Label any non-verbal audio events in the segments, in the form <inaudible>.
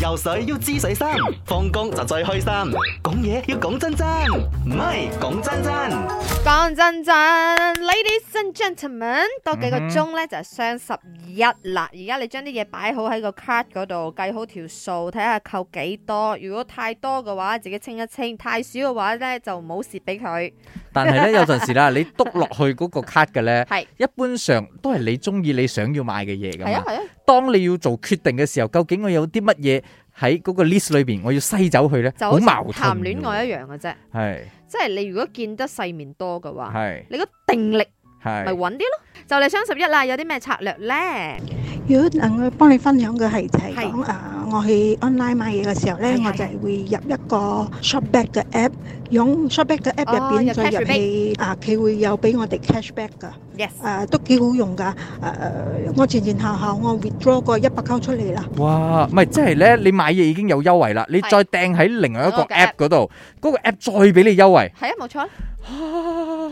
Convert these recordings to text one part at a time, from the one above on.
游水要知水深，放工就最開心。講嘢要講真真，唔係講真真，講真真。Ladies and gentlemen，多幾個鐘咧就係雙十一啦。而家、嗯、哼你將啲嘢擺好喺個 card 嗰度，計好條數，睇下扣幾多。如果太多嘅話，自己清一清；太少嘅話咧，就唔好蝕俾佢。但係咧有陣時啦， <laughs> 你篤落去嗰個 card 嘅咧，係 <laughs> 一般上都係你中意你想要買嘅嘢噶嘛。的的當你要做決定嘅時候，究竟我有啲乜嘢喺嗰個 list 裏邊，我要篩走佢咧？好矛盾。談戀愛一樣嘅啫，係，即係你如果見得世面多嘅話，係，你個定力係咪穩啲咯？就嚟雙十一啦，有啲咩策略咧？如果嗱，我幫你分享嘅係就係講，誒，我去 online 買嘢嘅時候咧，我就係會入一個 shopback 嘅 app。用 Shopback 嘅 app 入邊再入去啊，佢會有俾我哋 cashback 噶，Yes，啊都幾好用噶，啊我前前後後我 withdraw 過一百九出嚟啦。哇，唔係即係咧，你買嘢已經有優惠啦，你再掟喺另外一個 app 嗰度，嗰個 app 再俾你優惠，係啊冇錯。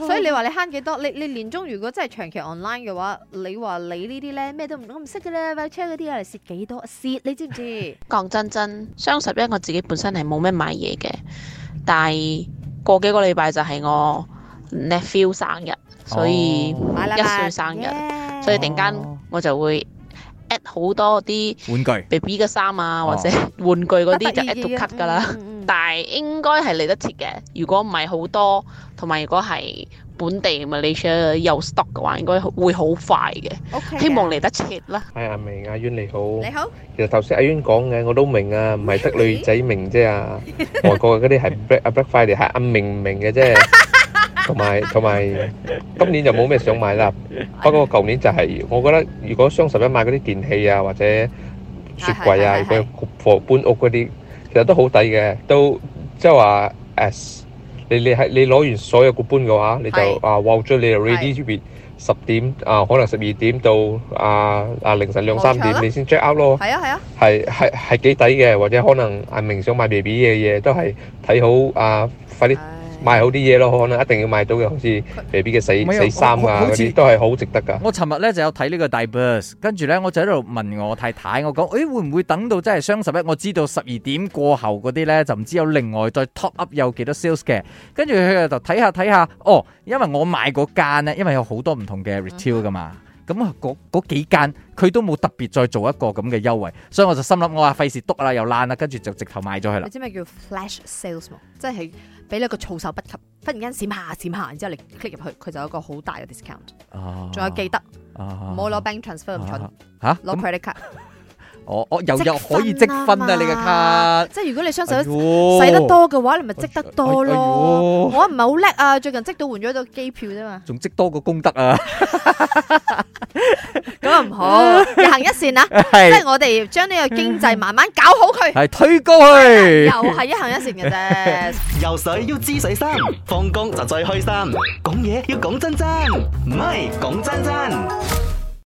所以你話你慳幾多？你你年終如果真係長期 online 嘅話，你話你呢啲咧咩都唔，我唔識嘅咧，check 嗰啲嚟蝕幾多蝕？你知唔知？講真真，雙十一我自己本身係冇咩買嘢嘅。但係過幾個禮拜就係我 nephew 生日，所以一歲生日，哦、所以突然間我就會 at 好多啲、啊、玩具、BB 嘅衫啊，或者玩具嗰啲、哦、就 at 到 cut 噶啦。嗯嗯嗯但係應該係嚟得切嘅，如果唔係好多，同埋如果係本地嘅嘛，你 s h a r stock 嘅話，應該會好快嘅。希望嚟得切啦。係啊，明啊，遠你好。你好。其實頭先阿遠講嘅我都明啊，唔係得女仔明啫啊，外國嗰啲係啊不快啲係啊明唔明嘅啫。同埋同埋今年就冇咩想買啦。不過舊年就係、是、我覺得，如果雙十一買嗰啲電器啊，或者雪櫃啊， <laughs> 如果要搬屋嗰啲。其實都好抵嘅，都即係話，S，你你係你攞完所有個盤嘅話，你就是啊，wait 咗你就 ready to 出邊十點啊，可能十二點到啊，啊凌晨兩三點，你先 check out 咯。係啊係啊，係係係幾抵嘅，或者可能阿、啊、明想買 BB 嘅嘢都係睇好啊，快啲。買好啲嘢咯，可能一定要買到嘅，好似 B B 嘅死死衫啊，嗰啲都係好值得噶。我尋日咧就有睇呢個大 burst，跟住咧我就喺度問我太太，我講，誒、哎、會唔會等到真係雙十一？我知道十二點過後嗰啲咧就唔知有另外再 top up 有幾多 sales 嘅，跟住佢就睇下睇下，哦，因為我買嗰間咧，因為有好多唔同嘅 retail 噶嘛。咁啊，嗰、嗰嗰、幾間佢都冇特別再做一個咁嘅優惠，所以我就心諗，我話費事篤啦，又爛啦，跟住就直頭買咗佢啦。你知咩叫 flash sale？s voilà，即係俾你一個措手不及，忽然間閃下閃下，然之後你 click 入去，佢就有一個好大嘅 discount，啊。仲、啊、有記得，唔好攞 bank transfer 咁蠢，吓、啊啊，攞、啊、credit card。我我、喔哦、又由又可以積分 Falls，啊！你嘅卡，即係如果你雙十一使得多嘅話，你咪積得多咯。我唔係好叻啊，最近積到換咗個機票啫嘛，仲積多過功德啊！咁啊唔好， <laughs> 一行一線啊，是即係我哋將呢個經濟慢慢搞好佢，係 <laughs> 推過去，啊、又係一行一線嘅啫。游 <laughs> 水要知水深，放工就最開心。講嘢要講真真，唔係講真真。